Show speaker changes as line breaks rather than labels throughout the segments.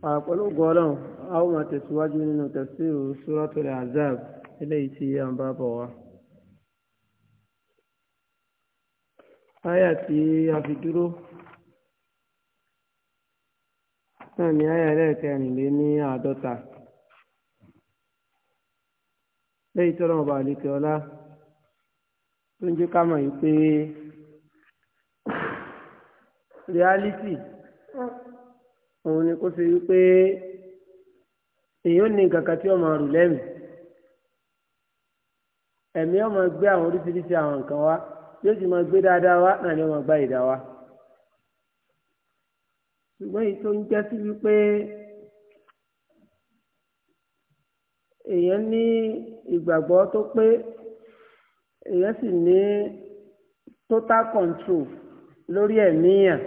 àpọ̀lọpọ̀ ọlọ́run a ó máa tẹ̀síwájú nínú tafsiru suratul azab eléyìí tí a ń bá bọ̀ wá. àyà tí a fi dúró náà ni àyà ẹlẹ́ẹ̀kẹrìnlẹ́ ní àádọ́ta lẹ́yìn tó lọ́wọ́ balẹ̀kẹ́ ọlá tó ń jẹ́ ká mọ̀ yìí pé reality. òun ni kó ṣe wípé èèyàn ní nǹkan kan tí wọ́n máa rù lẹ́mìí ẹ̀mí wọn máa gbé àwọn oríṣiríṣi àwọn nǹkan wá yóò sì máa gbé dáadáa wá náà ni wọ́n máa gbá ìdá wá. ṣùgbọ́n èyí tó ń jẹ́ sí wípé èèyàn ní ìgbàgbọ́ tó pé èèyàn sì ní total control lórí ẹ̀mí yàn.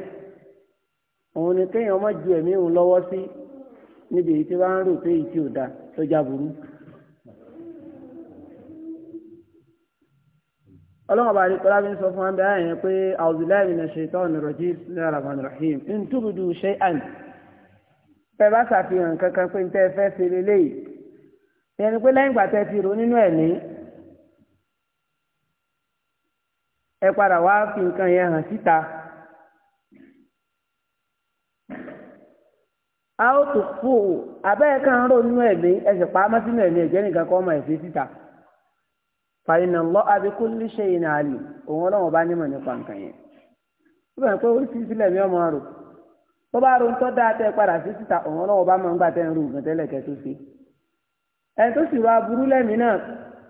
òun ni kéèyàn má ju ẹ̀mí òun lọ́wọ́ sí níbi èyí tí wọ́n á rò pé èyí tí da tó já burú. bá rí kọ́lá bí ń sọ fún abẹ́ àyẹ̀ pé auzubillahi rahim in tubdu shay'an pẹ bá ṣàfihàn kankan pé tẹ́ fẹ́ ṣe ìyẹn ni pé lẹ́yìn ìgbà tẹ́ ti rò nínú ẹ̀ ní ẹ padà wá fi nǹkan yẹn hàn síta. a ó tún fò ka abẹ́ẹ̀ kan rò nínú ẹ̀mí ẹsẹ̀ pamọ́ sínú ẹ̀mí ẹ̀jẹ̀ nìkan kọ́ ọmọ ẹ̀sìn síta fàyínà lọ abikú níṣẹ́ yìí náà lè òun ọlọ́run bá nímọ̀ nípa nǹkan yẹn ó bẹ̀rẹ̀ pé ọmọ rò tó bá ro tó dáa tẹ́ padà sí síta òun ọlọ́run bá máa ń gbà tẹ́ ń nǹkan tẹ́lẹ̀ kẹ́ tó ṣe ẹni tó sì ro aburú lẹ́mí náà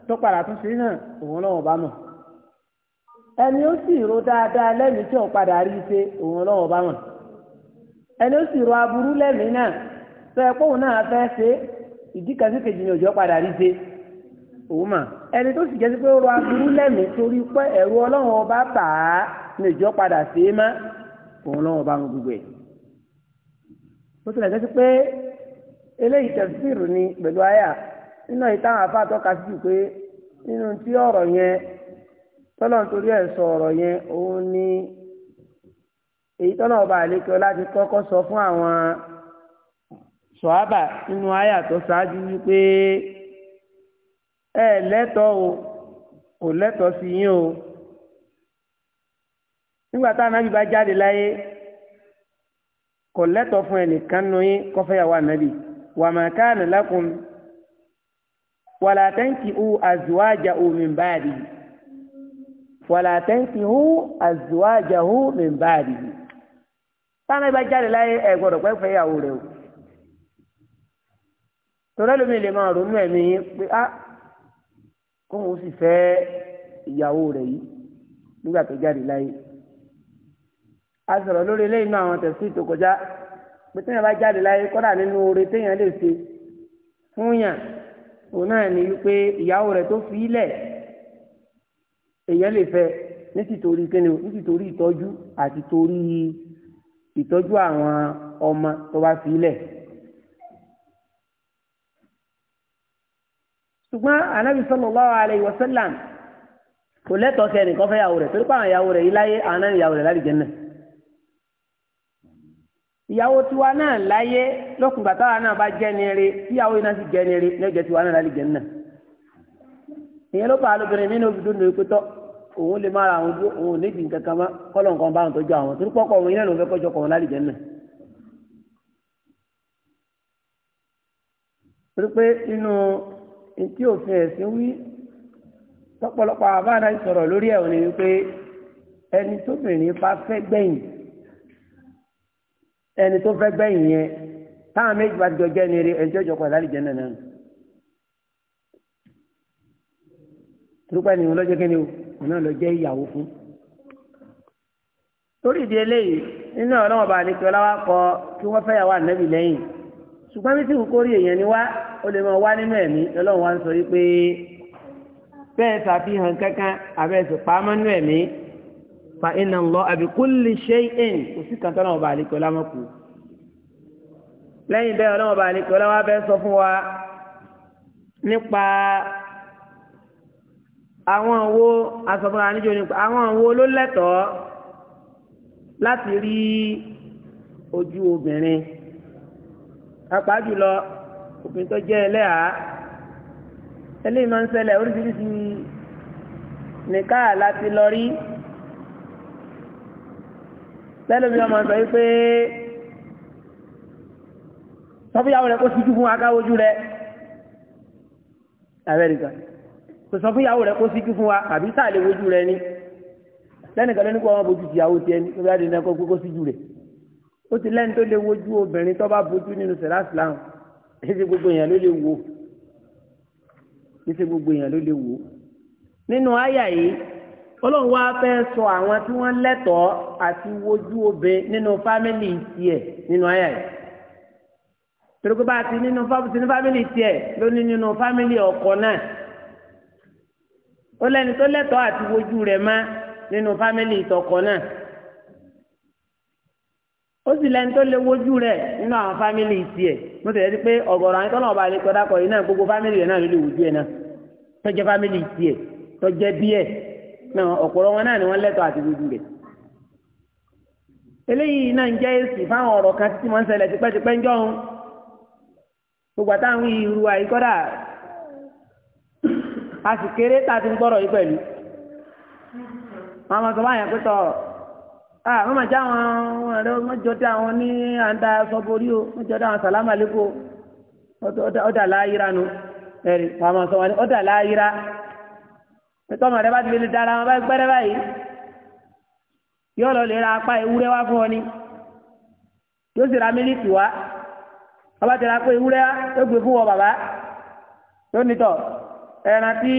tó padà tó ṣe náà òun ọlọ́run bá mọ̀ ẹni ẹni ó sì rọ aburú lẹ́mìí náà tó ẹ kóhùn náà fẹ́ ṣe ìdí sí kejì ní òjò padà rí ṣe òun mà ẹni tó sì jẹ́ sí pé ó rọ aburú lẹ́mìí torí pé ẹ̀rù ọlọ́run ọba bà á ní òjò padà ṣe é má òun lọ́wọ́ bá ń gbogbo ẹ̀. tilẹ̀ ni pẹ̀lú àyà nínú sí pé nínú tí ọ̀rọ̀ yẹn tọ́lọ́ èyí tọ́nà ọba àlekè láti kọ́kọ́ sọ fún àwọn sọ́ábà nínú àyà tó ṣáájú wípé ẹ lẹ́tọ̀ọ́ o ò lẹ́tọ̀ọ́ sí yín o nígbà táwọn anábì bá jáde láyé kò lẹ́tọ̀ọ́ fún ẹnìkan nù yín kọ́fẹ́yàwó ànábì wàmà káànù lakum wàlà tẹ́ǹkì hu àzùwájà hu min ba'di wàlà tẹ́ǹkì àzùwájà hu min táwọn ẹbá jáde láyé ẹ gbọ́dọ̀ pẹ́ fẹ́ ìyàwó rẹ o torí ẹlòmíì lè máa ronú ẹ̀mí pé á ah, kóun ó sì fẹ́ ìyàwó rẹ yìí nígbà tó jáde láyé a sọ̀rọ̀ lórí eléyìí náà àwọn tẹ̀sí tó kọjá pé téèyàn bá jáde láyé kọ́dà nínú oore téèyàn lè ṣe fún yàn òun náà ní wípé ìyàwó rẹ tó fi í lẹ̀ èèyàn lè fẹ́ ní tìtorí kíni ní tìtorí ìtọ́jú àti torí ìtọ́jú àwọn ọmọ tó bá fi lẹ̀. ṣùgbọ́n anábì sallallahu alayhi wa sallam kò lẹ́tọ̀ọ́ sí ẹnìkan fẹ́ yàwó rẹ̀ torí pé àwọn ìyàwó rẹ̀ yìí láyé àwọn náà ìyàwó rẹ̀ láti jẹ́ náà. ìyàwó tiwa náà láyé lọ́kùngbà táwa náà bá jẹ́ ni eré tíyàwó iná sì jẹ́ ni eré lẹ́jọ́ tiwa náà láti jẹ́ náà. ìyẹn ló bá a lóbìnrin mí ní obìnrin lórí pé tọ́ òun lè mára àwọn ojú òun nídìí nǹkan kan kọ́lọ̀ nǹkan bá àwọn tó jọ àwọn torí pọ́kọ̀ òun iná ló fẹ́ kọ́jọ kọ̀ọ̀n lálẹ́ jẹ́nà. torí pé inú tí òfin ẹ̀sìn wí tọ́pọ̀lọpọ̀ àbáàdá ìsọ̀rọ̀ lórí ẹ̀ òní wípé ẹni tóbìnrin bá fẹ́ gbẹ̀yìn ẹni tó fẹ́ gbẹ̀yìn yẹn táwọn méjì bá ti jọ jẹ́ ni eré ẹni tí ó jọ kọ̀ọ̀n lálẹ́ jẹ́nà náà. torí pé ẹni ìwọ̀n lọ́jọ́ kí ni o òun náà lọ jẹ́ ìyàwó fún. torí ìdí eléyìí nínú ọlọ́wọ́n bá ní kí ọlá wa kọ kí wọ́n fẹ́ yàwó ànábì lẹ́yìn ṣùgbọ́n bí tí kò kórè èèyàn ni wá ó lè máa wá nínú ẹ̀mí ọlọ́wọ́n wa ń sọ wípé bẹ́ẹ̀ ṣàfihàn kankan àbẹ́ẹ̀sì pamọ́ nínú ẹ̀mí fa inna Allaha bi kulli shay'in kò sí kan tọ́lọ́wọ́n bá ní kí ọlá mọ̀ lẹ́yìn bẹ́ẹ̀ ọlọ́wọ́n bá ní kí wa bẹ́ẹ̀ sọ fún wa nípa àwọn wo asọ̀fúnra níjó nípa àwọn wo ló lẹ́tọ̀ọ́ láti rí ojú obìnrin apá jùlọ obìnrin tó jẹ́ ẹlẹ́hàá eléyìí máa ń ṣẹlẹ̀ oríṣiríṣi nìka láti lọ rí lẹ́lómi ọmọ sọ wípé sọ́fúnyàwó rẹ̀ kó síjú fún akáwojú rẹ̀ abẹ́rẹ́ kan kò sọ fún ìyàwó rẹ kó síjú fún wa àbí sáà lè wojú rẹ ni lẹ́nìkan ló ní kó wọn bojú ti ìyàwó tiẹ̀ ní kó bá dènà kó kó síjú rẹ̀ ó ti lẹ́ni tó lè wojú obìnrin tó bá bojú nínú sẹ̀láṣìláhùn èsì gbogbo èèyàn ló lè wò èsì gbogbo èèyàn ló lè wò nínú àyà yìí ọlọ́run wá fẹ́ sọ àwọn tí wọ́n lẹ́tọ̀ọ́ àti wojú obìnrin nínú fámìlì tiẹ̀ nínú àyà yìí torí pé bá a ti nínú fámìlì tiẹ̀ ló nínú fámìlì ọkọ náà. ó lẹ́ni tó lẹ́tọ̀ọ́ àti wojú rẹ̀ má nínú fámìlì ìtọ̀kọ náà ó sì lẹ́ni tó lé wojú rẹ̀ nínú àwọn fámìlì mo tẹ̀lé pé ọ̀gọ̀rọ̀ àwọn tọ́lọ̀ ọba àlekọ́ dákọ̀ yìí náà gbogbo fámìlì náà ló lè wojú ẹ̀ náà tó fámìlì tiẹ̀ tó jẹ́ náà ọ̀pọ̀lọ́ wọn náà ni wọ́n lẹ́tọ̀ọ́ àti wojú rẹ̀ eléyìí náà ń jẹ́ èsì fáwọn ọ̀rọ̀ kan ń tipẹ́tipẹ́ ń a sì kéré tá ti ń gbọ́rọ̀ yìí pẹ̀lú wọn máa sọ ah wọn máa àwọn ọ̀rẹ́ mọ́jọ́ dá àwọn ní àǹdá sọ́borí o ọdala dá àwọn sàlámà ọ̀dà nu sọ ní ọ̀dà láyíra pẹ̀tọ́ ọmọ rẹ bá ti lè dára wọn bá gbẹ́rẹ́ báyìí yóò lọ lè ra apá ewúrẹ́ wá fún ọ ni yóò sì ra mílíkì wá ọba ti ẹran tí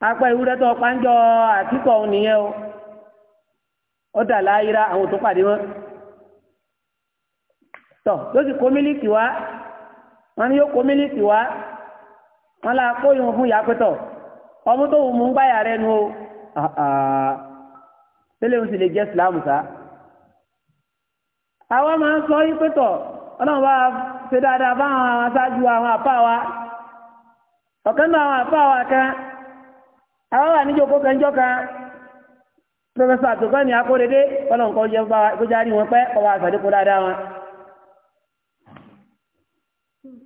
apá ewúrẹ́ tó pánjọ àtìkọ̀ òun nìyẹn o ó dà láyíra àwọn tó pàdé wọn tọ ló sì kó mílíkì wá wọn ni yóò kó mílíkì wá wọn là kó ìwọn fún yàpẹtọ ọmú tó wù mú gbáyà rẹ nu o tẹ́lẹ̀ ń sì lè jẹ́ sílámù sá àwọn máa ń sọ yí Ọlọ́run bá ṣe dáadáa aṣáájú ọ̀kan náà àwọn àfa àwọn àka àwọn wà níjọ kó kẹjọ ka pọfẹsọ àtòkọ́ ni akóredé ọlọ́run wọn pẹ́ ọwọ́ àgbàdékò dáadáa wọn.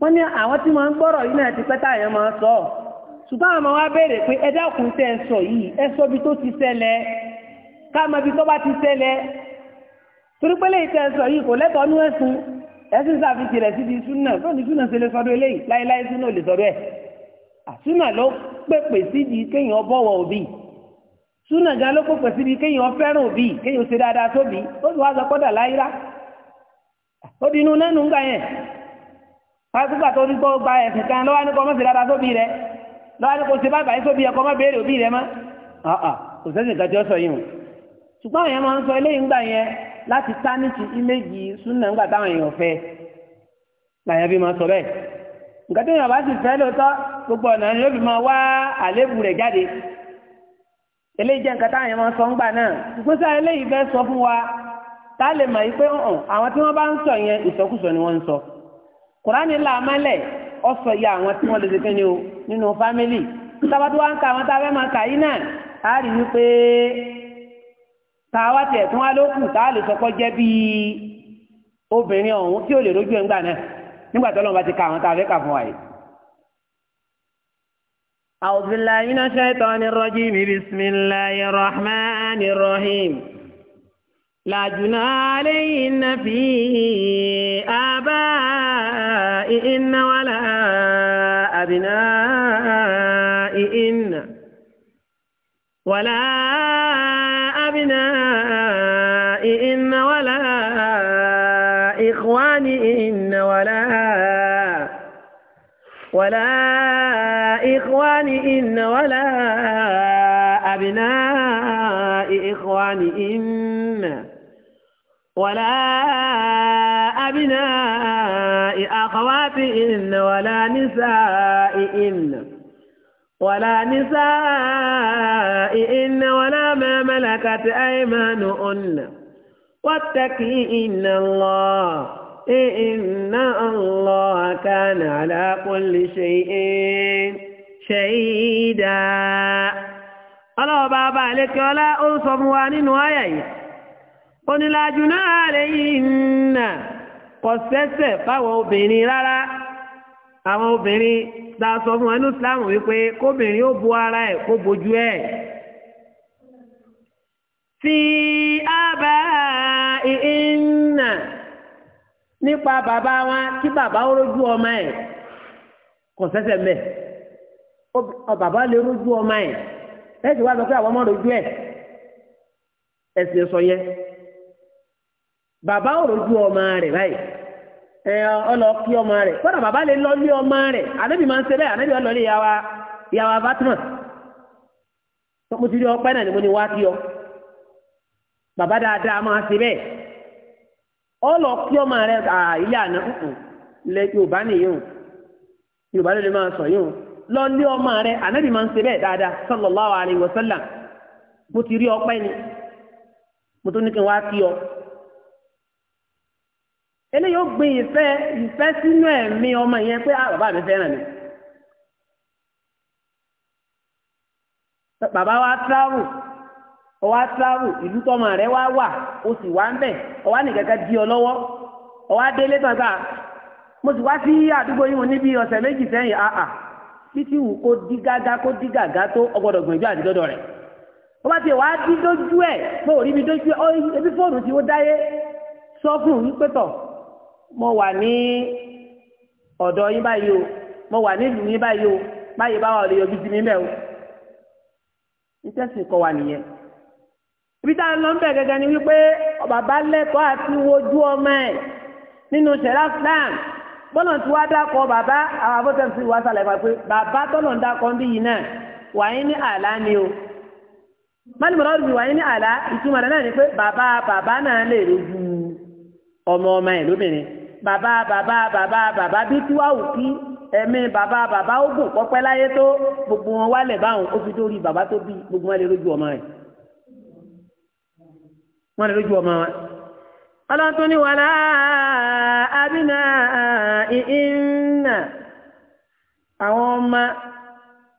wọ́n ní àwọn tí wọ́n ń gbọ́rọ̀ yìí náà ti pẹ́ táyà máa sọ ọ́ àwọn wa béèrè pé sọ yìí bí tó ti tó bá ti torí pé léyìí sọ yìí kò sàfihàn súnà tó ní súnà ṣe lè eléyìí láéláé súnà àsúnà ló pèpè síbi kéèyàn bọ̀wọ̀ òbí súnà gan ló pèpè síbi kéèyàn fẹ́ràn òbí kéèyàn ṣe dáadáa tóbi ó sì wá sọ kọ́dà láyírá ó di inú nánú ń gbà yẹn pàṣípà tó ní kó gba ẹ̀sìn kan lọ́wọ́ ní kó má ṣe dáadáa tóbi rẹ lọ́wọ́ ní kó ṣe bàbá yín tóbi ẹ̀ kó má béèrè òbí rẹ mọ́ kò sẹ́sìn nǹkan tí ó sọ o ṣùgbọ́n àwọn yẹn máa ń sọ eléyìí yẹn láti súnà ńgbà táwọn èèyàn fẹ́ máa sọ nǹkan ọba yàn bá sì fẹ́ lóòótọ́ gbogbo ọ̀nà ni ó fi máa wá rẹ̀ jáde eléyìí jẹ́ nǹkan táwọn yẹn sọ ń náà eléyìí sọ fún wa tá a lè mọ̀ yìí pé àwọn tí wọ́n bá ń sọ yẹn ìsọkúsọ ni wọ́n ń sọ kùránì ọ sọ ya àwọn tí wọ́n ka àwọn tá máa kà yín náà a rí i pé tiẹ̀ tún wá lókù lè sọ pé jẹ́ bíi obìnrin ọ̀hún tí ò lè rójú ẹ̀ ń gbà náà nígbà tí ọlọ́run bá ti ka àwọn tá a fẹ́ kà fún wa yìí. أعوذ بالله من الشيطان الرجيم بسم الله الرحمن الرحيم لا جنى عليهن في آبائهن ولا أبنائهن ولا ولا إخواني إن ولا أبناء إخواني إن ولا أبناء أخواتي إن ولا نساء إن ولا نساء إن ولا ما ملكت أيمانهن واتقي إن الله إن الله كان على كل شيء شهيدا ọlọ́wọ́ bá lẹ́kẹ́ ọlá ó sọ fún wa nínú ayà yìí ó ní lájú náà lẹ́yìn nà sẹ́sẹ̀ fáwọn obìnrin rárá àwọn obìnrin tá sọ fún ẹnu wípé kóbìnrin ó bu ara ẹ̀ kó bojú ẹ̀ nípa bàbá wa kí bàbá ó rójú ọmọ ẹ kò sẹ́sẹ̀ ọ bàbá lè rójú ọmọ ẹ̀ ẹ̀sìn wá sọ pé àwọn ọmọ rójú ẹ̀ sọ yẹ bàbá ó ọmọ rẹ báyìí ẹ ọlọ kí ọmọ baba le bàbá lè lọ lé ọmọ rẹ̀ ànábì máa ń yàwá yàwá ni mo ní wá ọ bàbá dáadáa ọlọ kí ọmọ rẹ ilé àná nkùn lẹ yorùbá ni o yorùbá ló lè máa sọ yìí lọ lé ọmọ rẹ ànábì máa ń ṣe bẹ́ẹ̀ dáadáa sallallahu alaihi wasallam mo ti rí ọpẹ́ ni mo tó ní kí n wá kí ọ eléyìí ó gbin ìfẹ́ ìfẹ́ sínú ẹ̀mí ọmọ yẹn pé bàbá mi fẹ́ràn mi bàbá wa ọwá atúláwù ìlú tọmọ rẹ wá wà o sì wá ń ọwá ni nìkẹ́kẹ́ di ọ lọ́wọ́ ọwọ́ adélé tán gbà mo sì wá sí àdúgbò yìí níbi ọsẹ méjì sẹ́yìn àà títí wù kó dí gágá kó dí gàgá tó ọgbọ́dọ̀ gbìyànjú àdídọ́dọ̀ rẹ bá ti wá dí dójú òrí mi dójú ebi fóònù tí ó dáyé sọ fún mi pé mo wà ní ọdọ yín báyìí o mo wà nílùú yín báyìí o báyìí báwa o kọ wà nìyẹn bíta lọ ń bẹ̀ gẹ́gẹ́ ni wípé bàbá lẹ́kọ̀ọ́ àti wojú ọmọ ẹ̀ nínú sẹ̀rá Islam bọ́lá tí wàá dákọ̀ bàbá àwọn afọ́tẹ́ ti wá sàlẹ̀ fà bàbá tọ́lọ̀ ń dákọ̀ bí yìí náà wàá ní àlá ni o mọ́nìmọ́rọ́ rúbi wàá ní àlá ìtumọ̀ rẹ̀ náà ni pé bàbá bàbá náà lè rojú ọmọ ọmọ ẹ̀ lóbìnrin bàbá bàbá bàbá bàbá bí tí wàá wù kí ẹ̀mí bàbá bàbá ó gùn kọ́pẹ́ láyé tó gbogbo wọn wálẹ̀ báwọn ó fi tó rí bàbá tó bí gbogbo wọn lè rojú ọmọ rẹ̀ wọ́n lè lójú ọmọ wọn. ọlọ́tún ní wàlá abínà ìhìnnà àwọn ọmọ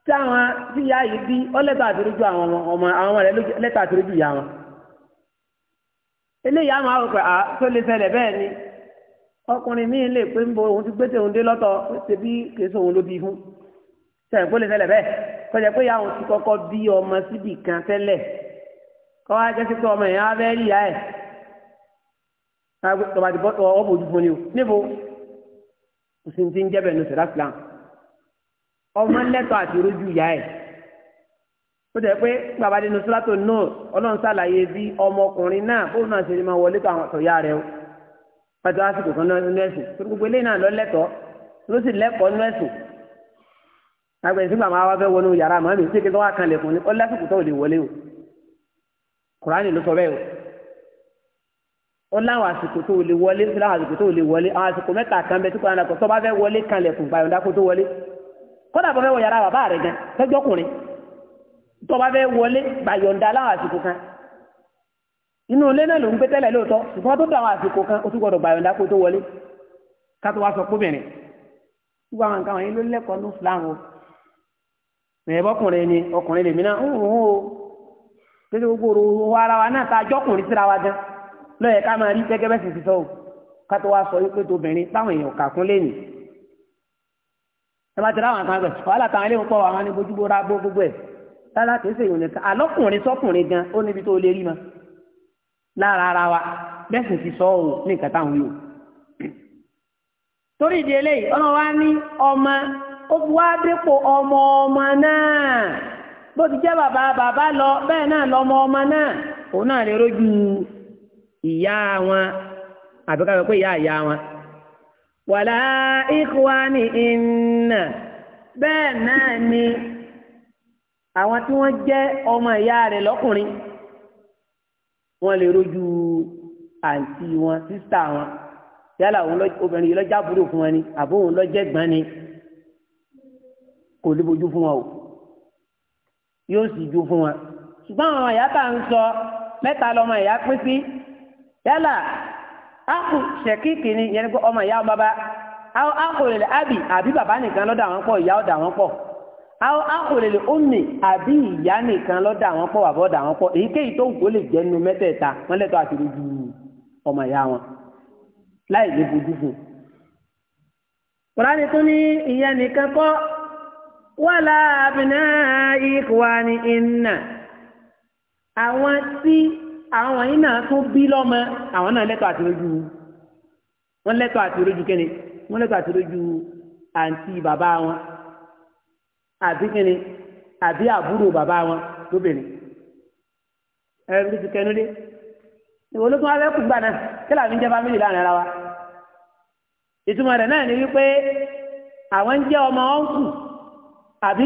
tí àwọn tí ìyá yìí bí ó lẹ́tà àtìrójú àwọn ọmọ àwọn ọmọ rẹ̀ lẹ́tà àtìrójú ìyá wọn. eléyìí àwọn àwòkọ̀ tó lè ṣẹlẹ̀ bẹ́ẹ̀ ni ọkùnrin míì lè pé ń bo òun ti gbé tèun dé lọ́tọ̀ ṣebí kìí sóun ló bí fún sẹ́yìn kó lè ṣẹlẹ̀ bẹ́ẹ̀ kọjá pé ìyá òun ti kọ́kọ́ bí ọmọ síbì kan tẹ́lẹ̀ kọ́ wá jẹ́ sípò ọmọ èèyàn abẹ́ rí ìyá ẹ̀ tọba ti bọ́ tọ ọ́ bójú fún ni o níbo òsín ti ń jẹ́ bẹ̀rẹ̀ sọ̀rọ̀ islam ọmọ lẹ́tọ̀ àti rojú ìyá ẹ̀ ó jẹ́ pé bàbá nínú sọ́látò náà ọlọ́run ṣàlàyé bí ọmọkùnrin náà bóun náà ṣe lè máa wọlé tó àwọn àtọ̀yá rẹ o pàtó àsìkò kan náà nínú ẹ̀sìn torí gbogbo eléyìí náà lọ lẹ́tọ̀ọ́ ló sì lẹ́kọ̀ọ́ nínú ẹ̀sìn àgbẹ̀ ìsìnkú àwọn awáfẹ́ wọnú yàrá màmí tí kí wọ́n á kanlẹ̀kùn ní ọlọ́sìkò tó lè wọlé o kùránì ló sọ bẹ́ẹ̀ o ó láwọn àsìkò tó lè wọlé ó láwọn àsìkò tó lè wọlé àwọn àsìkò mẹ́ta kan bẹ tí kùránì kò tó bá fẹ́ wọlé kanlẹ̀ fún gbàyọ̀ndà kó tó wọlé kódà bọ́ fẹ́ wọ yàrá bàbá rẹ̀ gan fẹ́gbọ́kùnrin tó bá fẹ́ wọlé gbàyọ̀ndà láwọn àsìkò kan inú ilé náà ló ń gbé tẹ́lẹ̀ lóòótọ́ ṣùgbọ́n tó dà àwọn àsìkò kan ó tún gbọ́dọ̀ gbàyọ̀ndà kó tó wọlé ká tó wá sọ kóbìnrin gbogbo àwọn nǹkan wọ̀nyí ló lẹ́kọ̀ọ́ ní Islam o ni ọkùnrin lèmi náà ń rùn pèsè gbogbo òru ara wa náà ta jọkùnrin síra wa dán lọ́yẹ̀ ká máa rí gẹ́gẹ́ bẹ́sẹ̀ ti sọ o ká tó sọ wípé tóbìnrin táwọn èèyàn kàkún kún lẹ́nu ẹ bá ti ráwọn kan gbẹ wàhálà táwọn eléwọn pọ̀ àwọn anibojúbò ra bó gbogbo ẹ̀ lára kìí ṣe èèyàn nìkan àlọ́kùnrin sọ́kùnrin gan ó níbi tó lè rí ma lára ara wa bẹ́sẹ̀ ti sọ o ní nǹkan táwọn yòó torí ìdí eléyìí ọlọ́wà ní ọmọ ó fi wá dépò ọmọ ọmọ náà. bó ti jẹ́ bàbá bàbá lọ bẹ́ẹ̀ náà lọmọ ọmọ náà òun náà lè rójú ìyá wọn àbí ká sọ pé ìyá ìyá wọn. wàlá ikhwani inna bẹ́ẹ̀ náà ni àwọn tí wọ́n jẹ́ ọmọ ìyá rẹ̀ lọ́kùnrin wọ́n lè rójú àǹtí wọn sísítà wọn yálà òun obìnrin yìí lọ́jà àbúrò fún wọn ni àbóhùn lọ́jẹ̀gbọ́n ni kò lè bójú fún wọn o yóò sì ju fún wọn ṣùgbọ́n àwọn ìyá tá à ń sọ mẹ́ta lọ́mọ ìyá pín sí yálà ákù ṣẹ̀kíkì ni yẹn kó ọmọ ìyá bàbá àwọn ákù lè lè ábì àbí bàbá nìkan lọ́dọ̀ àwọn pọ̀ ìyá ọ̀dọ̀ àwọn pọ̀ àwọn ákù lè lè ọmọ àbí ìyá nìkan lọ́dọ̀ àwọn pọ̀ bàbá ọ̀dọ̀ àwọn pọ̀ èyíkéyìí tó ń kó lè jẹ́ nínú mẹ́tẹ̀ẹ̀ta wọ́n lẹ́tọ́ àti lójú ọmọ ìyá wọn láì lè bojú fún kùránì tún ní ìyẹn nìkan kọ́ wọ́lá abiná ìkwà ní iná àwọn tí àwọn yìí náà tún bí lọ́mọ àwọn náà lẹ́tọ̀ àti lójú wọ́n lẹ́tọ̀ àti lójú kíni wọ́n lẹ́tọ̀ àti lójú àǹtí bàbá wọn àbí kíni àbí àbúrò bàbá wọn lóbìnrin ẹ̀rọ ti kẹnu dé ìwọ ló tún alẹ́ kú gbà náà kí làwọn ń jẹ́ fámìlì láàrin ara wa ìtumọ̀ rẹ̀ náà ni wípé àwọn ń jẹ́ ọmọ ọ̀nkù àbí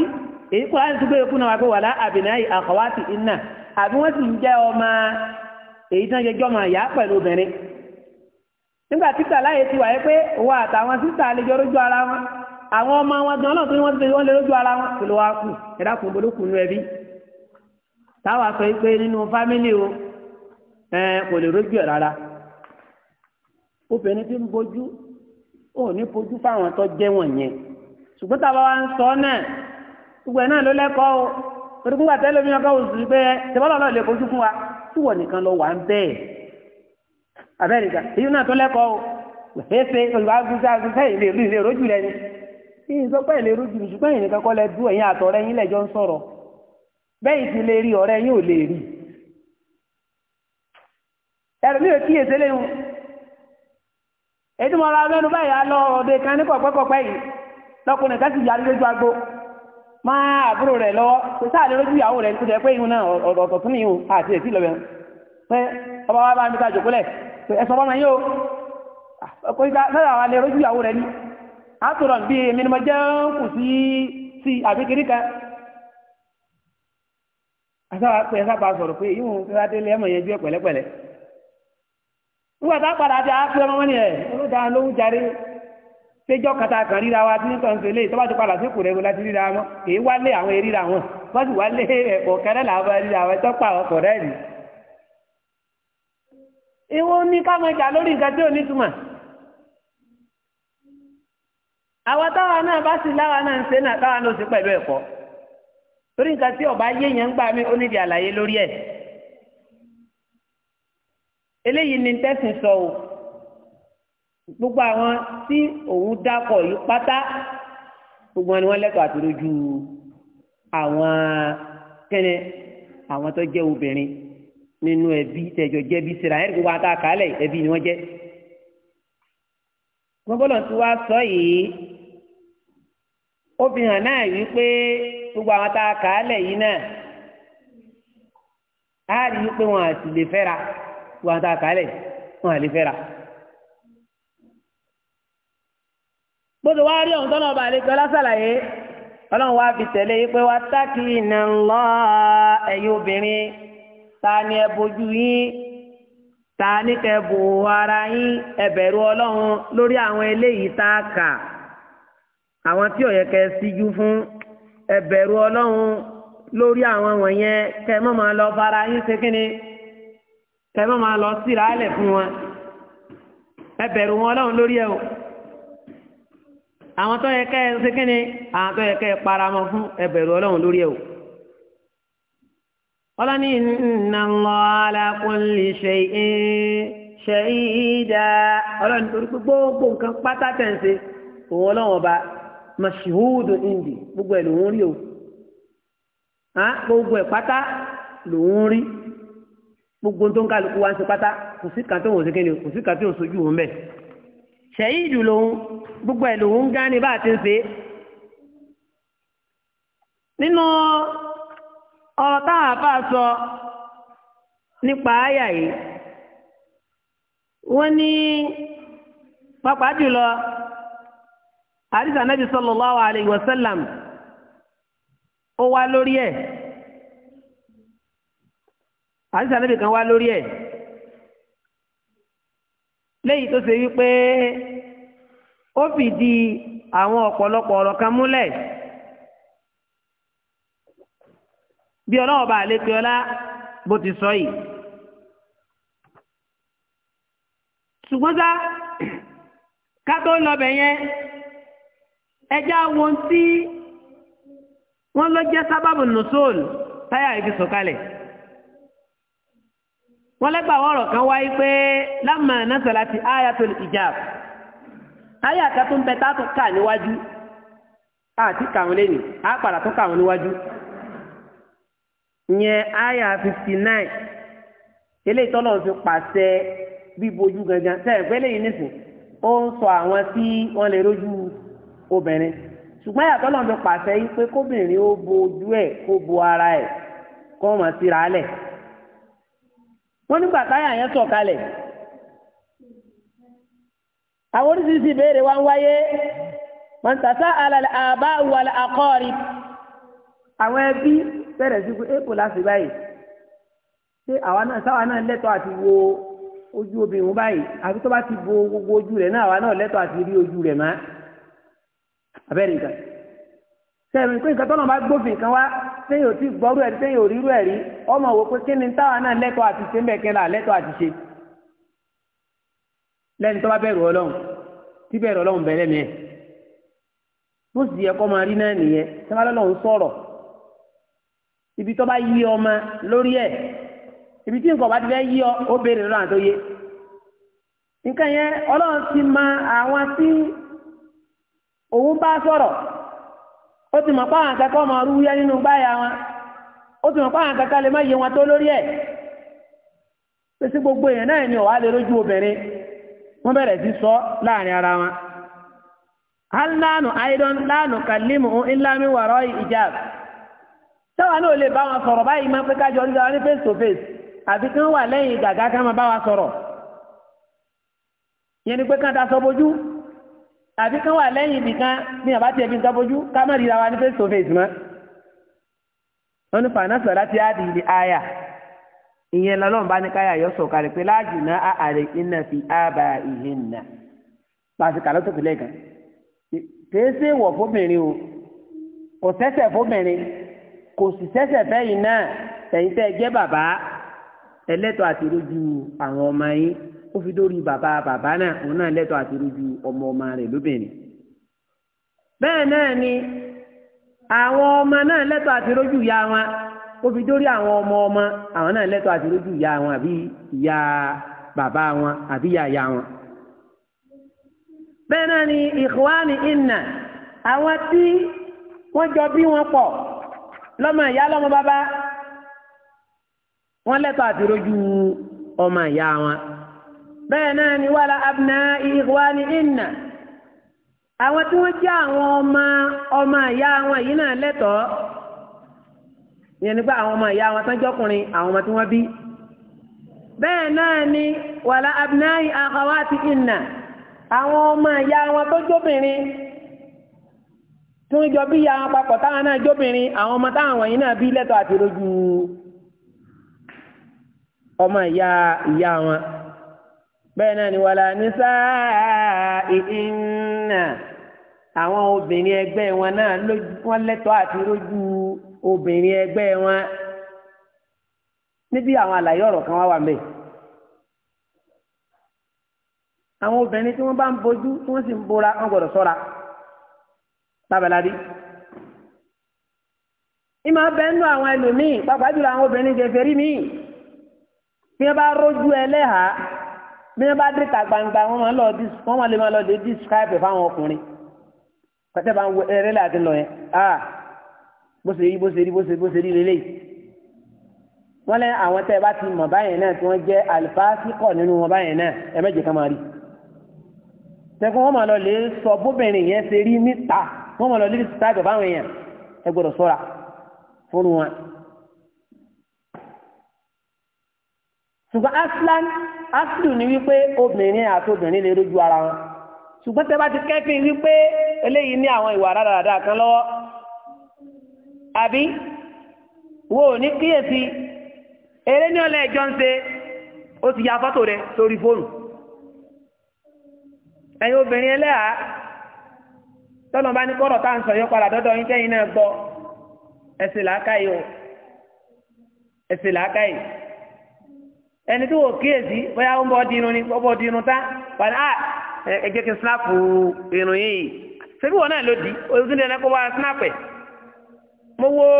èyí kó àyìn tó gbé fún wa pé wàlá àbìnáyì àkọwátì iná àbí wọ́n sì ń jẹ́ ọmọ èyí tí wọ́n jẹ́ jọmọ ìyá pẹ̀lú obìnrin nígbà títà láyé ti wáyé pé wọ́n àtàwọn sísà lè jọ lójú ara wọn àwọn ọmọ wọn gan náà tó ní wọ́n ti wọ́n lè lójú ara wọn kí ló kù ẹ̀dá bolókùn nínú ẹbí táwa sọ pé nínú fámílì o kò lè rójú ẹ̀ rárá obìnrin tí ń bojú ò ní bojú fáwọn tó jẹ́ wọ̀nyẹn ṣùgbọ́n tàbá wa ń sọ náà gbogbo ẹ̀ ló o torí kúgbà òṣù pé tẹ́bọ́lọ́ lè kojú fún wa tí nìkan lọ wà ń bẹ́ẹ̀ abẹ́rẹ́gà èyí náà tó o ìlú ìlú ìrójú ti lè rí ọ̀rẹ́ yín lè rí ẹ̀rọ mi ò kí èsè léwu ètò mọ́ra mẹ́nu báyìí á lọ ọ̀dọ̀ ìkan ní lọ́kùnrin kan sì yarí lójú agbó máa àbúrò rẹ̀ lọ́wọ́ kò sáà lè lójú ìyàwó rẹ̀ pé náà àti lọ́wọ́ pé ọba wa bá ń jòkólẹ̀ pé ẹ̀sọ́ bọ́mọ yóò ah, kò sí sáà wà lè lójú ìyàwó rẹ̀ ní èmi ni mo jẹ́ kù sí sí kan pé ẹ sábà sọ̀rọ̀ pé yẹn pẹ̀lẹ́pẹ̀lẹ́ nígbà tá a padà péjọ kata kan ríra wa tí nítorí ṣe lé tọ́bàtí padà sí kùrẹ́ ríra wọn kì í wálé àwọn eríra wọn wọ́n sì wálé ẹ̀kọ́ kẹrẹ́ làwọn ríra wọn tọ́pọ̀ àwọn kọ̀rẹ́ rí. ìwọ ní káwọn ìjà lórí nǹkan tí ò ní túmọ̀. ọba yé yẹn ń gbà mí ó àlàyé lórí ẹ̀ sọ gbogbo àwọn tí òun dákọ̀ yìí pátá gbogbo wọn ni wọ́n lẹ́tọ̀ọ́ àti lójú àwọn kẹ́nẹ́ àwọn tó jẹ́ obìnrin nínú ẹbí tẹ̀jọ jẹ́ bí sira ẹ̀rí gbogbo àtà kálẹ̀ ẹbí ni wọ́n jẹ́. gbọ́dọ̀ tí wàá sọ yìí obìnrin náà yìí pé gbogbo àwọn tá a kálẹ̀ yìí náà á rí i pé wọn àti lè fẹ́ra gbogbo àwọn tá a kálẹ̀ wọn à lè fẹ́ra. gbọ́dọ̀ wá rí ọ̀hún tọ́nà ọba àlejò lásàlàyé ọlọ́run wá fi tẹ̀lé yìí pé wá tákì iná ńlá obìnrin ta ni ẹ bójú yín ta ni kẹ bò ara yín ẹ̀bẹ̀rù bẹ̀rù ọlọ́run lórí àwọn eléyìí tá a kà àwọn tí kẹ fún lórí àwọn wọ̀nyẹn kẹ mọ́ máa lọ yín o. àwọn tó yẹ kẹ́ ẹ ṣe kí ni àwọn tó yẹ kẹ́ ẹ fún ẹ ọlọ́run lórí ẹ o. ọlọ́ni inna Allaha ala kulli shay'in shahida ọlọ́ni torí pé gbogbo nǹkan pátá tẹ̀sí òun indi gbogbo ẹ̀ rí o gbogbo pátá rí gbogbo tó ń kálukú wá ń ṣe pátá kò sí ṣe ṣẹ̀yìdù lòun gbogbo ẹ̀ lòun gán ni bá ti ń ṣe. nínú ọ̀rọ̀ táwọn àbá sọ nípa àyà yìí wọ́n ní pàápàá jùlọ àdìsá nàbì sallallahu alayhi wa sallam ó wá lórí ẹ̀ àdìsá nàbì kan wá lórí ẹ̀ léyìí tó ṣe wípé ó fìdí àwọn ọ̀pọ̀lọpọ̀ ọ̀rọ̀ kan múlẹ̀ bí ọlọ́wọ́ bá àlékè ọlá bó ti sọ yìí. ṣùgbọ́n sá ká tó lọ́bẹ̀ yẹn ẹja wọn tí wọ́n lọ jẹ́ sábàbù nùsọ́ọ̀lù táyà ìfi sọ̀kalẹ̀. wọ́n lẹ́gbàá ọ̀rọ̀ kan wáyé pé lámà násàlá ti áyàtò ìjàb áyà kan tó ń bẹ táàtò kà níwájú àti kàwọn lẹ́nu àpàrà tó kàwọn níwájú ìyẹn áyà 59 nine fi pàṣẹ bíbojú gangan sẹ́yìn pé ó ń sọ àwọn tí wọ́n lè rójú obìnrin ṣùgbọ́n àyà fi pàṣẹ yìí pé kóbìnrin ó ẹ̀ kó wọ́n nígbà táyà yẹn sọ̀ kalẹ̀ àwọn oríṣiríṣi ìbéèrè wa ń wáyé wọ́n tàṣà àlàlẹ̀ àbá wàlẹ̀ àkọ́ọ̀rì àwọn ẹbí bẹ̀rẹ̀ sí pé èpò láti báyìí ṣé àwa náà sáwa náà lẹ́tọ̀ọ́ àti wo ojú obìnrin báyìí àbí tó bá ti bo gbogbo ojú rẹ̀ náà àwa náà lẹ́tọ̀ọ́ àti rí ojú rẹ̀ má abẹ́rẹ́ nǹkan. sẹ́mi pé nǹkan tọ́nà bá gbófin kan wá sẹ́yìn ò tí gbọ́rú ẹ̀rí sẹ́yìn ò rírú ẹ̀rí ọmọ wò pé kí ni táwa náà lẹ́tọ̀ọ́ àti ṣe ń bẹ̀ lẹ́tọ̀ọ́ àti ṣe lẹ́ni tó bẹ̀rù ọlọ́run tí bẹ̀rù bẹ̀rẹ̀ mi ẹ̀ bó sì yẹ kọ́ máa rí náà nìyẹn tí wọ́n sọ̀rọ̀ ibi tó bá yí lórí ẹ̀ ibi tí ti fẹ́ ó ti mọ̀ páwọn akẹ́kọ̀ọ́ máa rú yá nínú gbáyà wọn ó ti mọ̀ páwọn akẹ́kọ̀ọ́ lè má ma wọn tó lórí ẹ̀ gbogbo èèyàn náà ni ọ̀wá lè rójú obìnrin wọ́n bẹ̀rẹ̀ sí sọ láàrin ara wọn. hal aidan lánú kalimu ńlámi wàrọ̀ ìjáàb táwa náà lè bá wọn sọ̀rọ̀ báyìí máa pé kájọ ní face to face àfi kí wa sọ̀rọ̀ yẹn ni pé àbí kan wà lẹ́yìn nìkan ní àbá tiẹ̀ fi nǹkan bójú ká má ríra wa ní face to face mọ́ wọn ní fàánàfẹ́ láti áàdì ilé àyà ìyẹn lọ́lọ́run bá ní káyà yọ sọ̀ kárẹ̀ pé láàjù náà àárẹ̀ iná fi ábà ìhìn náà pàṣẹ kàlọ́ tó fi lẹ́ẹ̀kan tèéṣe wọ̀ fóbìnrin o kò sẹ́sẹ̀ fóbìnrin kò sì sẹ́sẹ̀ fẹ́yìn náà tẹ̀yìn tẹ́ jẹ́ bàbá ẹlẹ́tọ̀ àti rojú àwọn ọmọ yín ó fi dórí bàbá bàbá náà òun náà lẹ́tọ̀ọ́ àti rújú ọmọ ọmọ rẹ̀ lóbìnrin bẹ́ẹ̀ náà ni àwọn ọmọ náà lẹ́tọ̀ọ́ àti rójú ìyá wọn ó fi dórí àwọn ọmọ ọmọ àwọn náà lẹ́tọ̀ọ́ àti rójú ìyá wọn àbí ìyá bàbá wọn àbí ìyá ìyá wọn. bẹ́ẹ̀ náà ni ikhwani inna àwọn tí wọ́n jọ bí wọn pọ̀ lọ́mọ ìyá lọ́mọ bàbá wọ́n lẹ́tọ̀ọ́ àti rójú ọmọ ìyá wọn. bẹ́ẹ̀ naanị, wala wàlá abúná ni ìnà àwọn tí wọ́n jẹ́ àwọn ọmọ ọmọ ìyá wọn yìí náà lẹ́tọ̀ọ́ ìyẹn nípa àwọn ọmọ ìyá wọn tánjọ́kùnrin àwọn ọmọ tí wọ́n bí bẹ́ẹ̀ ti ìnà àwọn ọmọ ìyá wọn tó jóbìnrin tí wọ́n jọ bí ìyá wọn papọ̀ táwọn náà jóbìnrin àwọn ọmọ táwọn wọ̀nyí náà bí lẹ́tọ̀ọ́ bẹ́ẹ̀ náà ni wàlá nisaa ìhìnnà àwọn obìnrin ẹgbẹ́ wọn náà wọ́n lẹ́tọ̀ọ́ àti rójú obìnrin ẹgbẹ́ wọn níbi àwọn àlàyé ọ̀rọ̀ kan wá wà mẹ́. àwọn obìnrin tí wọ́n bá ń bojú tí wọ́n sì ń bora wọ́n gbọ́dọ̀ sọ́ra tábàlárí. ìmọ̀ bẹ́ẹ̀ nú àwọn ẹlòmíì pàápàá jùlọ àwọn obìnrin jẹ̀fẹ̀rí míì tí wọ́n bá rójú ẹlẹ́hàá bí wọ́n bá dé ta gbangba wọ́n máa lọ wọ́n máa lè máa lọ dé describe fáwọn ọkùnrin pẹ̀tẹ́ bá ń wọ ẹrẹ́ láti lọ yẹn ah bó ṣe rí bó ṣe rí bó ṣe bó ṣe rí lélẹ̀ wọ́n lẹ́ àwọn tẹ́ ẹ bá ti mọ̀ báyẹn náà tí wọ́n jẹ́ àlùfáàsíkọ̀ nínú wọn báyẹn náà ẹ mẹ́jẹ ká máa rí tẹ́kun wọ́n máa lọ lè sọ bóbìnrin yẹn ṣe rí níta wọ́n máa lọ lè describe fáwọn èèyàn ẹ gbọ́dọ̀ sọ́ra fóònù wọn. ṣùgbọ́n aslan aslu ni wípé obìnrin àti obìnrin lè rojú ara wọn ṣùgbọ́n tẹ́ bá ti kẹ́fìn wípé eléyìí ní àwọn ìwà rádaràdà kan lọ́wọ́ àbí wo ò ní kíyèsí eré ní ọlẹ́ ẹjọ́ ń ṣe ó ti ya fọ́tò rẹ sórí fóònù ẹ̀yin obìnrin ẹlẹ́à tọ́nà bá ní kọ́rọ̀ tá à ń sọ yọ padà dọ́dọ̀ yín tẹ́yìn náà gbọ́ ẹ̀sìn làákàyè ẹ̀sìn làákàyè. ẹni tó wò kíyèsí bóyá ó ń bọ́ ni ó bọ́ di irun tán ah, kí n snapu irun yìí wọn náà ló di mo wo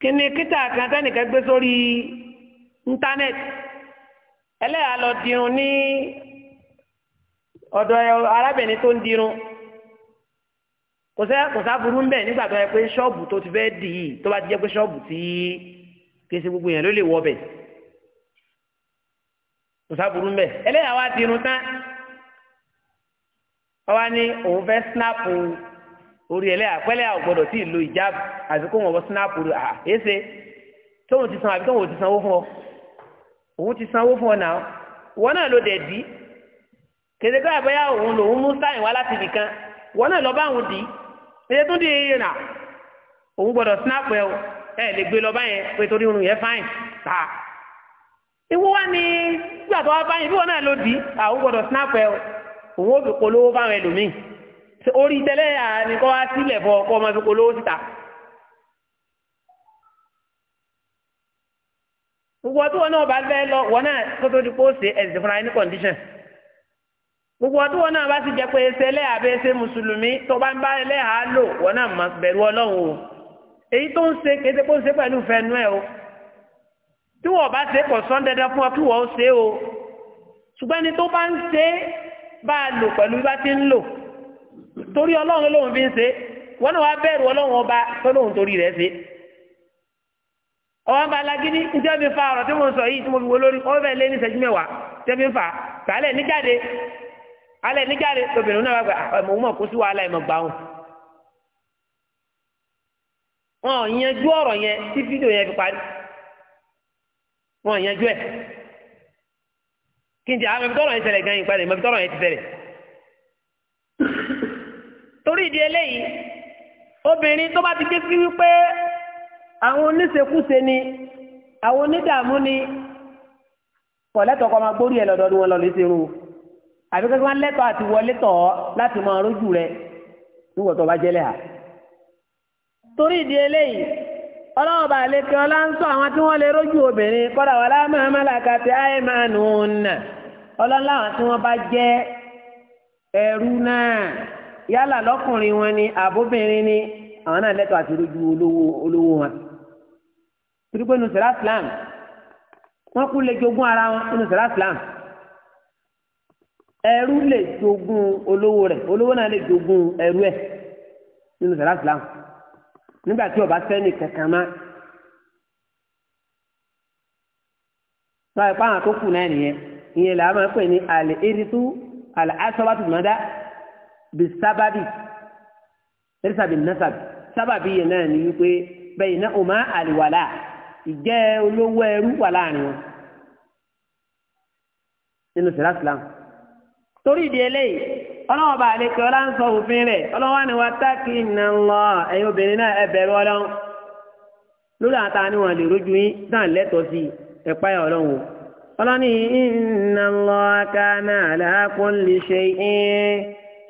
kíni kíta kan tẹ́nìkan gbé sórí íńtánẹ́ẹ̀tì ẹlẹ́yà lọ di ní ọ̀dọ̀ arábìnrin tó ń kò ń bẹ̀ nígbà tó yẹ pé ṣọ́ọ̀bù tó ti kése gbogbo yẹn ló lè wọ bẹ musaburu mbẹ ẹlẹyà wa di irun tán ọwọ ni òun fẹ́ snapu orí ẹlẹyà pẹlẹyà ọgbọdọ tí ì lo ìjáàbù àti kó wọn wọ snapu rẹ àà ése tóun ti san àbí tóun ti sanwó fún ọ òun ti sanwó fún ọ náà wọn náà ló dẹ dì í àbẹyà òun lòun mú sáyìn wá láti ibìkan wọn náà lọ bá òun dì í ètò tó di iye nà òun gbọ́dọ̀ snapu ẹ o ẹ lè gbé lọ báyẹn pé torí irun yẹn fáìn tà ìwọ wá ní gbà tó wá báyìí ìwọ náà ló dì í àwọn gbọ́dọ̀ snap ẹ o òun ó fi polówó báwọn ẹlòmíì orí tẹ́lẹ̀ àní kọ́ wá sílẹ̀ fọ kọ́ ọmọ fi polówó síta. gbogbo ọtí wọn náà bá fẹ́ lọ wọn náà tó tó di pé ṣe ẹ̀sìn fúnra ẹni condition gbogbo ọdún wọn náà bá ti jẹ pé ẹsẹ ẹlẹ́yà bẹ́ẹ̀ ṣe mùsùlùmí tó bá ń bá ẹlẹ́yà á lò wọn náà bẹ̀rù ọlọ́run o èyí tó ń ṣe kété kó ń ṣe pẹ̀lú fẹnu ẹ̀ o tí wọ́n bá ṣe pọ̀ sọ́n dandan fún ọ kí wọ́n ṣe o ṣùgbọ́n ẹni tó bá ń ṣe bá a lò pẹ̀lú bá ti ń lò torí ọlọ́run lóun fi ń ṣe wọ́n náà wá bẹ̀rù ọlọ́run ọba tó lóun torí rẹ̀ ṣe ọwọ́n bá lagídí njẹ́ mi fa ọ̀rọ̀ tí mo sọ yìí tí mo fi wo lórí ọwọ́ bẹ́ẹ̀ lé ní ìṣẹ́jú mẹ́wàá tẹ́ mi fa tààlẹ̀ níjáde alẹ̀ níjáde obìnrin náà wá gbà ọmọ òun mọ̀ kó sí wàhálà ìmọ̀ gbà wọn wọn ò yanjú ọ̀rọ̀ yẹn tí fídíò yẹn fi parí wọn ò yanjú ẹ̀ kí n jẹ́ àwọn ẹ̀fitọ́rọ̀ yẹn ṣẹlẹ̀ gan-an ìpadà ẹ̀fitọ́rọ̀ yẹn ti ṣẹlẹ̀ torí ìdí eléyìí obìnrin tó bá ti ké sí wípé àwọn oníṣekúṣe ni àwọn onídààmú ni kọ̀lẹ́tọ̀ kọ́ máa gbórí ẹ̀ lọ́dọọdún wọn lọ lè ṣerú àbíkẹ́kẹ́ wọn lẹ́tọ̀ àti wọlé tọ̀ láti máa rójú rẹ̀ níwọ̀n tó bá jẹ́lẹ̀ hà. torí ìdí eléyìí ọlọ́ọ̀bà fi ọlá ń sọ àwọn tí wọ́n lè rójú obìnrin kọ́dà wà láàmà mẹ́làkà tí ayé máa nù ún nà ọlọ́lá tí wọ́n bá jẹ́ ẹrú náà yálà lọ́kùnrin wọn ni àbóbìnrin nígbà tí ọba sẹ́ni kankan má sọ ẹ̀ fáwọn tó kù náà nìyẹn ìyẹn là á máa pè ní àlè eritú àlè asọ́bàtì mọ́dá bí sábàbí erisàbí nasàbí sábàbí yẹn náà ní wípé bẹ́ẹ̀ náà ò àlèwàlà ìjẹ́ olówó ẹrú wà láàrin wọn nínú sẹ́lá sílámù torí ìdí eléyìí. ọlọ́wọ́n bá lè kí ọlá ń sọ òfin rẹ̀ na ni wọ́n tákì iná lọ ẹ̀yin obìnrin náà ẹ bẹ̀rù ọlọ́run lórí àtà ni wọ́n lè rójú yín náà lẹ́tọ̀ọ́ sí ẹ̀páyà ọlọ́run o ọlọ́ni iná lọ náà làákùn lè ṣe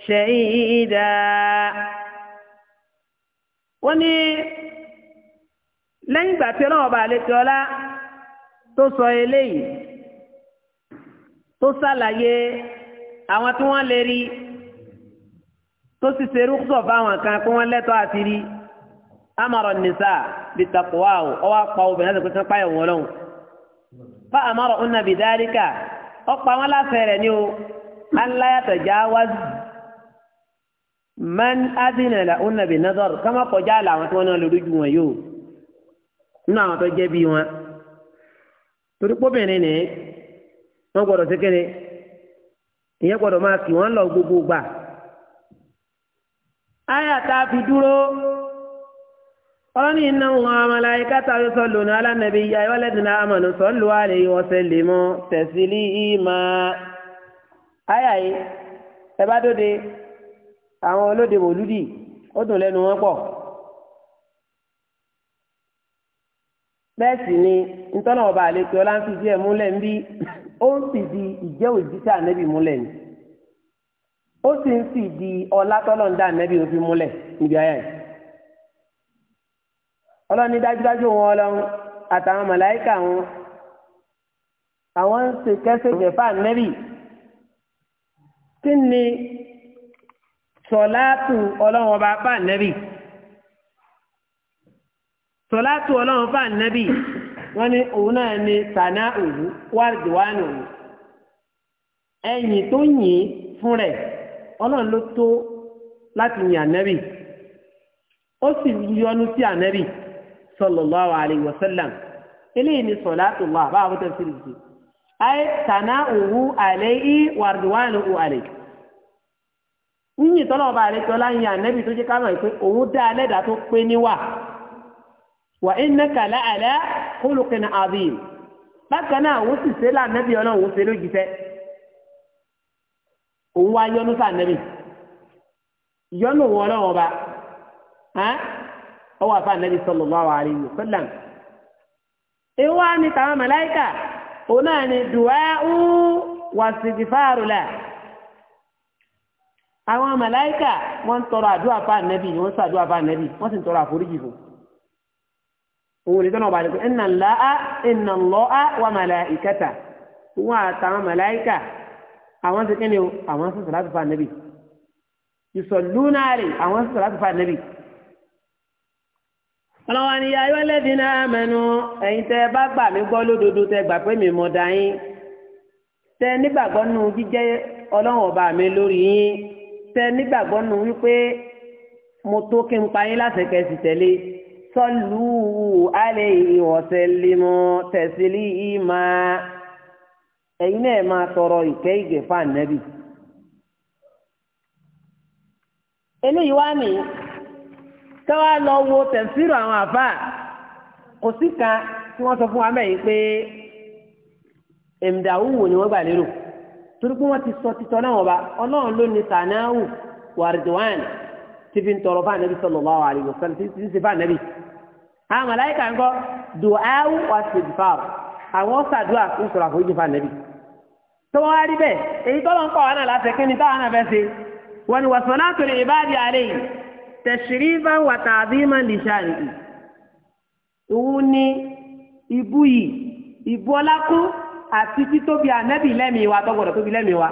ṣe ìdá. wọ́n ní sọ eléyìí tó sàlàyé àwọn tí wọ́n tó sì ṣe rúkúsọ̀ fáwọn kan pé wọ́n lẹ́tọ́ àti rí amọ̀rọ̀ nìsa bí takuwa o ọ wá pa obìnrin láti pèsè páyọ̀ wọn lọ́wọ́ fa amọ̀rọ̀ ọ̀nà bí dáríkà ọ pa wọn láfẹ̀rẹ̀ ni o aláyàtọ̀ já wá man adina la ọ̀nà bí nazar kama kọjá làwọn tí wọn náà lórí ju wọn yóò nínú àwọn tó jẹ́ bí wọn torí pọ́bìnrin ni wọ́n gbọ́dọ̀ sí kéde ìyẹn gbọ́dọ̀ máa kì wọ́n lọ gbogbo gbà àyà tá a fi dúró ọlọ́ni iná wọn amalaika tá a fi sọ lónà alánàbí ya ayọ́lẹ́dìnnà amànù sọ lù alẹ́ yìí wọ́n ṣe lè mọ́ tẹ̀sílì ìmà àyà yìí ẹ bá dóde àwọn olóde mòlúdì ó dùn lẹ́nu wọn pọ̀. bẹ́ẹ̀ sì ni ntọ́nà ọba àlejò ọlá ń fi díẹ̀ múlẹ̀ ń bí ó ń sì di ìjẹ́ òjíṣẹ́ ànábì múlẹ̀ ni ó sì ń sì di ọlá tọ́lọ̀ ń dá nẹ́bí òfin múlẹ̀ níbi ayé yìí ọlọ́ni dájúdájú wọn ọlọ́run àtàwọn màláìkà wọn àwọn ń ṣe kẹ́sẹ̀ jẹ̀fà nẹ́bí kí ni sọ̀láàtù ọlọ́run ọba fà nẹ́bí sọ̀láàtù ọlọ́run fà nẹ́bí wọ́n ní òun náà ní sànà òwú wàrìdìwánù ẹ̀yìn tó yìn fún rẹ̀ ọlọ́run ló tó láti yin ànẹ́bì ó sì yọ́nú sí ànẹ́bì sallallahu alaihi wasallam eléyìí ni salatullah bá àbúté sí ìdí ayé tànà òwú àlẹ́ í wàrúwánu òwú àlẹ́ yíyìn tọ́lọ̀ ọba àlẹ́ tí ọlá yin ànẹ́bì tó jẹ́ ká mọ̀ pé òun dá alẹ́dàá tó pé níwà wà innaka la'ala khuluqin azim bákan náà òun sì ṣe lànẹ́bì ọlọ́run òun ṣe òun wá yọnu sáà nẹ́bì ìyọnu wọn ọlọ́wọ́n ba ọwọ́ àfa nẹ́bì sallallahu alaihi wasallam. ìwọ ni tàwọn màláíkà òun náà ni duwau wàsídìfáàrù la àwọn màláíkà wọ́n ń tọrọ àdúrà fa nẹ́bì wọ́n ń sàdúrà fa nẹ́bì wọ́n sì tọrọ àforíjì fún òun lè tọ́nà ọba àdìgbò inna Allaha inna Allaha wa màláíkàtà òun àtàwọn màláíkà àwọn ti kíni o àwọn sì sọ̀rọ̀ àtúfà nẹ́bì ìsọ̀lúnà rẹ̀ àwọn sì sọ̀rọ̀ àtúfà nẹ́bì. ọlọ́wọ́ ni yàrá ìwé lẹ́dí náà mẹ́nu ẹ̀yin tẹ́ bá gbà mí gbọ́ lódodo tẹ́ gbà pé mi mọ̀ dá yín tẹ́ nígbàgbọ́ nù jíjẹ́ ọlọ́run ọba mi lórí yín tẹ́ nígbàgbọ́ nù wípé mo tó kí n pa yín láti kẹ́sì tẹ̀lé sọ́lù alẹ́ ìwọ̀sẹ̀ lè tẹ̀sílì ìmọ̀ ẹ̀yin náà máa tọrọ ìkẹ́ ìgẹ̀ fún ànábì. eléyìí wá ní káwá lọ wo tẹ̀síìrù àwọn àfà kò sí kan tí wọ́n sọ fún wa mẹ́yìn pé èmdàwù wò ni wọ́n gbà lérò torí pé wọ́n ti sọ títọ́ náà wọ́n bá ọlọ́run ló ní sànáwù wàrìdìwáàn tí fi ń tọrọ fún ànábì sallallahu alaihi wasallam tí ń ṣe fún ànábì. àwọn màláíkà ń kọ́ dùn áwù wà sí ìdìfà àwọn sàdúrà ń sọ̀rọ̀ àforíjì fún tó wọ́n rí bẹ́ẹ̀ èyí tọ́lọ̀ ń pàwọn náà táwọn wọn ni wàsàn láti ìbáàdì yìí bá wà tàbí máa lè ni ibú yìí ibú àti wa tọ́gbọ̀dọ̀ tóbi lẹ́mìí wa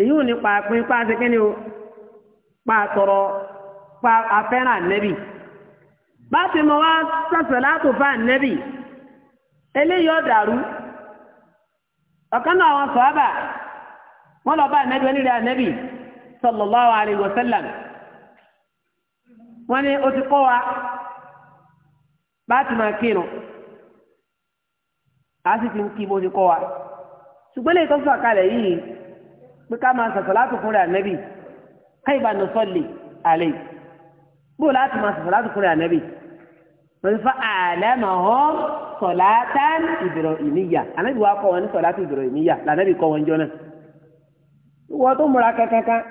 èyí ò ní o pa afẹ́ràn ànẹ́bì bá ti mọ wá sàṣẹ̀ látò fa ànẹ́bì eléyìí ọ̀dàrú ọ̀kan náà wọn sọ̀ọ́bà wọn lọ bá ànábì onílẹ̀ ànábì sallallahu alaihi wasallam wọn ni ó ti kọ́ wa bá ti máa kírun a sì ti ń kí bó ti kọ́ wa ṣùgbọ́n lè tó sọ̀kalẹ̀ yìí pé ká máa sọ̀sọ̀ láti fúnra ànábì káyì bá nọ sọ́ọ̀lì àlè bó láti máa sọ̀sọ̀ láti fúnra ànábì wọ́n ti fa àlẹ́ màá hàn sọ̀látán ìbìrọ̀ ìníyà ànábì wa kọ́ wọn ní sọ̀látán ìbìrọ̀ ìníyà lànàbì kọ́ wọn jọ́nà. wọ́n tó múra kankankan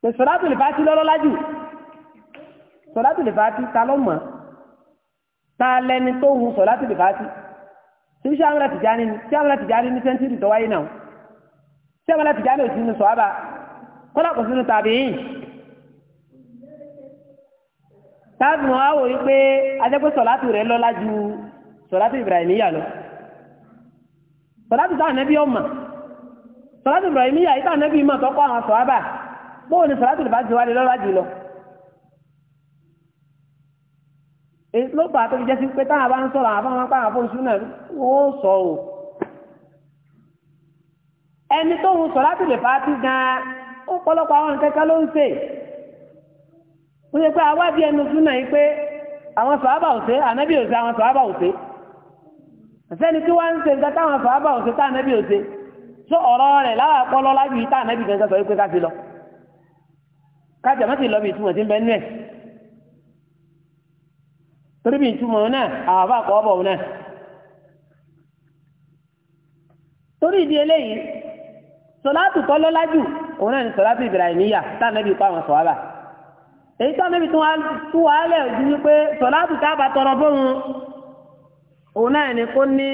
pé sọ̀látù lè fàtí lọ́lọ́lá jù sọ̀látù lè fàtí ta ló mọ̀ ta lẹni tó hu sọ̀látù lè fàtí. ṣé ṣé àwọn àtijá ni ṣé àwọn àtijá ni ní sẹ́ńtírì tó wáyé náà ṣé àwọn àtijá ni òsì ní sọ̀ábà kọ́lá kò sínú tàbíyìn táàbù wọn á wò pé adẹ́gbẹ́sọ̀ látù rẹ̀ lọ́lá ju sọ̀látù ibrahimiya lọ sọ̀látù táà nẹ́bí ọmọ sọ̀látù ibrahimiya ìtà nẹ́bí ìmọ̀ tọ́kọ́ àwọn sọ̀hábà bóò ni sọ̀látù lè bá jù wálé lọ́lá jùlọ ló bá tó fi jẹ́ sí pé táà bá ń sọ̀rọ̀ àwọn afọ́nmọ́ pàwọn afọ́n súnà wọ́n sọ ò ẹni tó ń sọ̀látù lè fà á ti gan-an ó pọ̀lọpọ̀ àwọn kẹ́kẹ́ ló ń ṣe ó yẹ pé awádìí ẹnu súnà yìí pé àwọn sọ̀hábà ò sẹ́ni tí wọ́n ń ṣe nǹkan táwọn sàábà ò ṣe tá ànábì ò ṣe tó ọ̀rọ̀ rẹ̀ láwọn ọpọlọ lájú yìí tá ànábì gẹ́gẹ́ sọ wípé ká ti lọ kájà má ti lọ bí ìtumọ̀ tí ń bẹ nú ẹ̀ torí bí ìtumọ̀ náà àwọn àbá kọ́ ọ̀bọ̀ náà torí ìdí eléyìí sọláàtù tọ́lọ́ lájú òun náà òun náà ni kó ní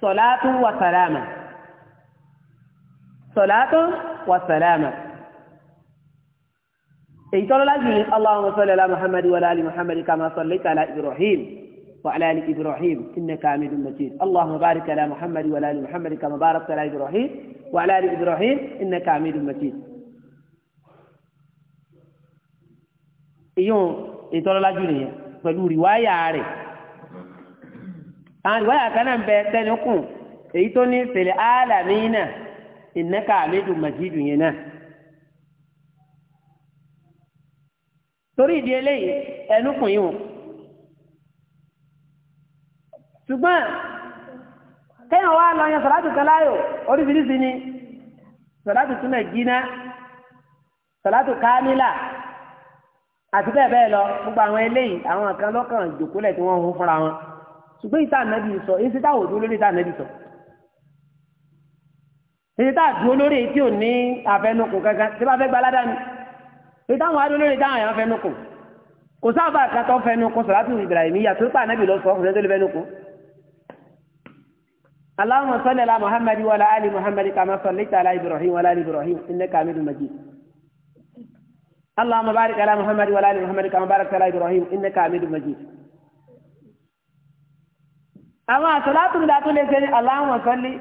sọ̀látún wà sàlámà sọ̀látún wà sàlámà èyí tọ́lọ́ láti ní allahumma salli ala muhammad wa ala ali muhammad kama sallaita ala ibrahim wa ala ali ibrahim innaka hamidun majid allahumma barik ala muhammad wa ala ali muhammad kama barakta ala ibrahim wa ala ali ibrahim innaka hamidun majid èyí tọ́lọ́ láti ní pẹ̀lú riwaya rẹ̀ àwọn ìwáyà kan náà ń bẹ tẹnu kùn èyí tó ní fèlè áàlàmínà ìnáka àmìdù màjídù yẹn náà. torí ìdí eléyìí ẹnu kùn yìí wọn. ṣùgbọ́n kéèyàn wá lọ yan sàlátù kan láyò oríṣiríṣi ni sàlátù túnà jìnnà sàlátù kámílà àti bẹ́ẹ̀ bẹ́ẹ̀ lọ gbogbo àwọn eléyìí àwọn kan lọ́kàn jòkólẹ̀ tí wọ́n ń fúnra wọn ṣùgbọ́n ìta ànábì sọ èyí tí táwọn òdúró lórí ìta ànábì sọ èyí tá àdúró lórí èyí tí ò ní àfẹnukùn kankan tí bá fẹ́ gba aládàáni èyí táwọn àdúró lórí táwọn èèyàn fẹnukùn kò sáàbà kan tó fẹnukùn sọ̀rọ̀tù Ibrahim yà tó ànábì lọ sọ ọkùnrin tó lè fẹnukùn. Allahumma salli ala Muhammad wa ala ali Muhammad kama sallaita ala Ibrahim wa ali Ibrahim innaka Hamidum Majid. Allahumma barik ala Muhammad wa ali Muhammad kama barakta ala Ibrahim innaka Hamidum Majid àwọn àtọ̀látùn dàtún lè ṣe ní Allahumma salli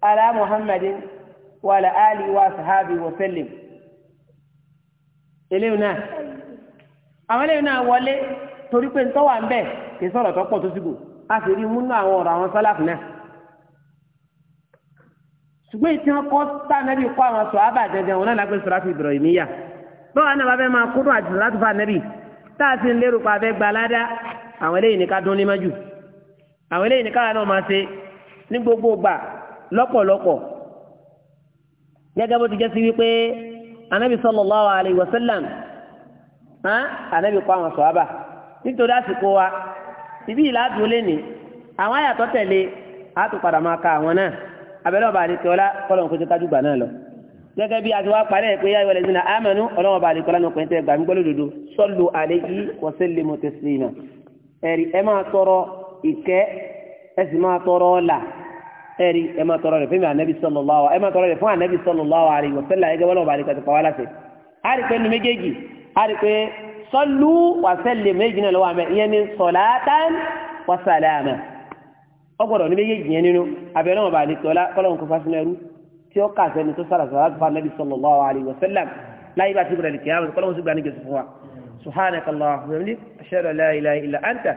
ala Muhammadin wa ala alihi wa sahabi wa sallim eléyìí náà àwọn eléyìí náà wọlé torí pé ntọ́wà ń bẹ̀ kì í sọ̀rọ̀ tó pọ̀ tó síbò a sì rí múnú àwọn ọ̀rọ̀ àwọn sálàfù náà ṣùgbọ́n ìtì wọn kọ́ sànẹ́bí kọ́ àwọn sọ ábà jẹjẹrẹ wọn náà lápẹ́ sọ̀rọ̀ Ibrahimiyya báwa náà wàá máa kúrò àti sọ̀rọ̀ àti fànẹ́bí tá a sì ń lérò pa abẹ́ gbalada àwọn eléyìí ní ká dún ní májú àwọn eléyìí ní káwa náà máa ṣe ní gbogbo gbà lọ́pọ̀lọpọ̀ gẹ́gẹ́ bó ti jẹ́ sí wípé anabi sallallahu alayhi wa sallam hàn anabi kọ́ àwọn sọ̀hábà nítorí àsìkò wa ibi ìlàdùn lé ní àwọn àyàtọ̀ tẹ̀lé àtúpadà máa ka àwọn náà abẹ́rẹ́ ọba àdìkẹ́ ọlá kọ́lọ́n kó tó kájú gbà náà lọ. gẹ́gẹ́ bí àti wá parẹ́ pé yáyọ ẹlẹ́sìn náà àmọ́nú ọlọ́wọ́ ọba àdìkẹ́ náà pẹ̀lú tẹ́ gbàmí gbọ́lódodo sọ́lù àlẹ́ yìí wọ́sẹ̀ lè mọ̀ tẹ̀sílẹ̀ náà ẹ̀rí ẹ máa tọrọ ìkẹ́ ẹ sì máa tọrọ ọ̀la ẹ̀rí ẹ máa tọrọ rẹ̀ fún ànábì sallallahu ẹ máa tọrọ rẹ̀ fún ànábì sallallahu alaihi wa sallam ẹgbẹ́ wọn bàálí kàtí pàwọ́ aláṣẹ. a rí pé nu méjèèjì a rí pé sallu wa méjì náà lọ́wọ́ àmẹ ìyẹn ni salatan wa salama ọgbọ̀dọ̀ ní méjèèjì yẹn nínú abẹ́rẹ́ wọn bá ti bẹ̀rẹ̀ kìí